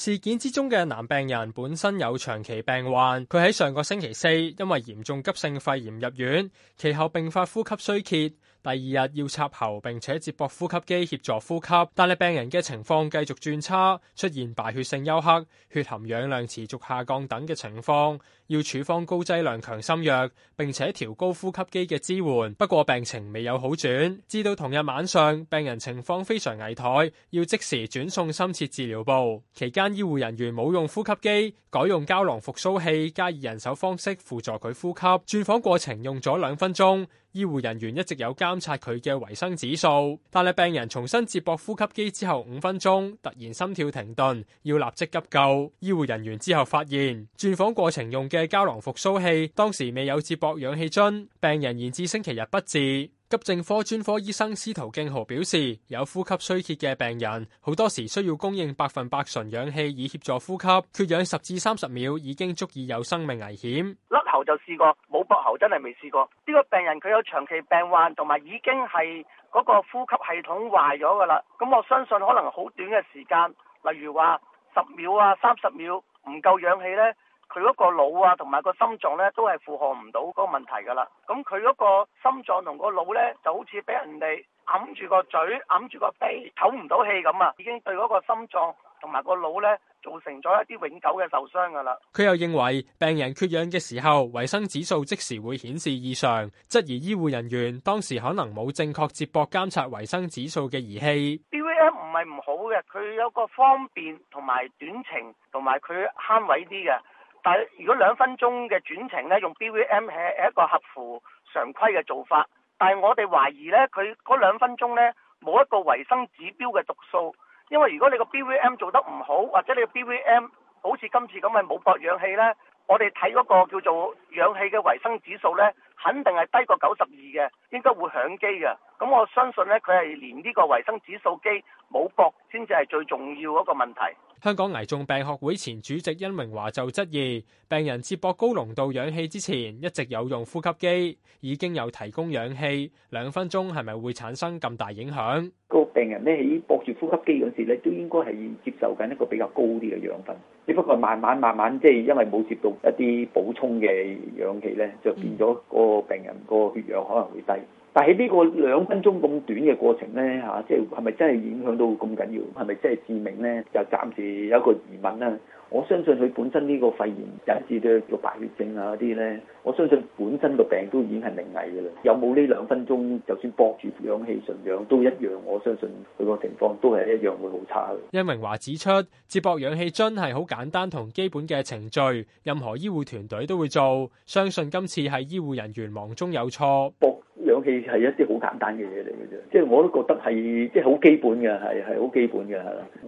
事件之中嘅男病人本身有長期病患，佢喺上個星期四因為嚴重急性肺炎入院，其後併發呼吸衰竭。第二日要插喉，並且接駁呼吸機協助呼吸，但係病人嘅情況繼續轉差，出現敗血性休克、血含氧量持續下降等嘅情況，要處方高劑量強心藥，並且調高呼吸機嘅支援。不過病情未有好轉，至到同日晚上，病人情況非常危殆，要即時轉送深切治療部。期間醫護人員冇用呼吸機，改用膠囊復甦器加以人手方式輔助佢呼吸。轉房過程用咗兩分鐘，醫護人員一直有加，監察佢嘅維生指數，但係病人重新接駁呼吸機之後五分鐘，突然心跳停頓，要立即急救。醫護人員之後發現，轉房過程用嘅膠囊復蘇器當時未有接駁氧氣樽。病人延至星期日不治。急症科專科醫生司徒敬豪表示，有呼吸衰竭嘅病人好多時需要供應百分百純氧氣以協助呼吸，缺氧十至三十秒已經足以有生命危險。我就試過冇駁喉，真係未試過。呢個病人佢有長期病患，同埋已經係嗰個呼吸系統壞咗㗎啦。咁我相信可能好短嘅時間，例如話十秒啊、三十秒唔夠氧氣呢，佢嗰個腦啊同埋個心臟呢，都係負荷唔到嗰個問題㗎啦。咁佢嗰個心臟同個腦呢，就好似俾人哋。揞住個嘴，揞住個鼻，唞唔到氣咁啊！已經對嗰個心臟同埋個腦咧，造成咗一啲永久嘅受傷噶啦。佢又認為病人缺氧嘅時候，維生指數即時會顯示異常，質疑醫護人員當時可能冇正確接駁監察維生指數嘅儀器。BVM 唔係唔好嘅，佢有個方便同埋短程同埋佢慳位啲嘅。但係如果兩分鐘嘅轉程咧，用 BVM 係係一個合乎常規嘅做法。但係我哋懷疑咧，佢嗰兩分鐘咧，冇一個維生指標嘅讀數。因為如果你個 BVM 做得唔好，或者你個 BVM 好似今次咁係冇駁氧氣咧。我哋睇嗰個叫做氧氣嘅維生指數咧，肯定係低過九十二嘅，應該會響機嘅。咁我相信咧，佢係連呢個維生指數機冇駁先至係最重要嗰個問題。香港危重病學會前主席殷明華就質疑，病人接駁高濃度氧氣之前，一直有用呼吸機，已經有提供氧氣，兩分鐘係咪會產生咁大影響？病人咧喺搏住呼吸機陣時咧，都應該係接受緊一個比較高啲嘅氧分，只不過慢慢慢慢即係因為冇接到一啲補充嘅氧氣咧，就變咗個病人個血氧可能會低。但係呢個兩分鐘咁短嘅過程咧，嚇、啊，即係係咪真係影響到咁緊要？係咪真係致命咧？就暫時有一個疑問啦。我相信佢本身呢個肺炎引致嘅叫敗血症啊嗰啲咧，我相信本身個病都已經係命危嘅啦。有冇呢兩分鐘就算駁住氧氣純氧都一樣？我相信佢個情況都係一樣會好差嘅。殷榮華指出，接駁氧氣樽係好簡單同基本嘅程序，任何醫護團隊都會做。相信今次係醫護人員，員忙中有錯駁。氧氣係一啲好簡單嘅嘢嚟嘅啫，即係我都覺得係即係好基本嘅，係係好基本嘅。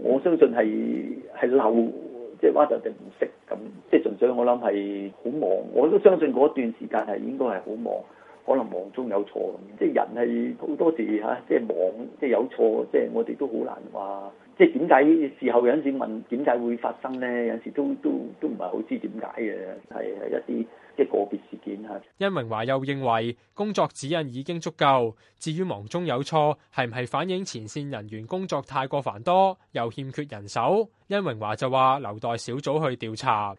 我相信係係漏，即係話就定唔識咁，即係純粹我諗係好忙。我都相信嗰段時間係應該係好忙，可能忙中有錯。即係人係好多時嚇，即係忙，即係有錯，即係我哋都好難話。即係點解事後有陣時問點解會發生咧？有陣時都都都唔係好知點解嘅，係係一啲即係個別事。殷榮華又認為工作指引已經足夠，至於忙中有錯，係唔係反映前線人員工作太過繁多，又欠缺人手？殷榮華就話留待小組去調查。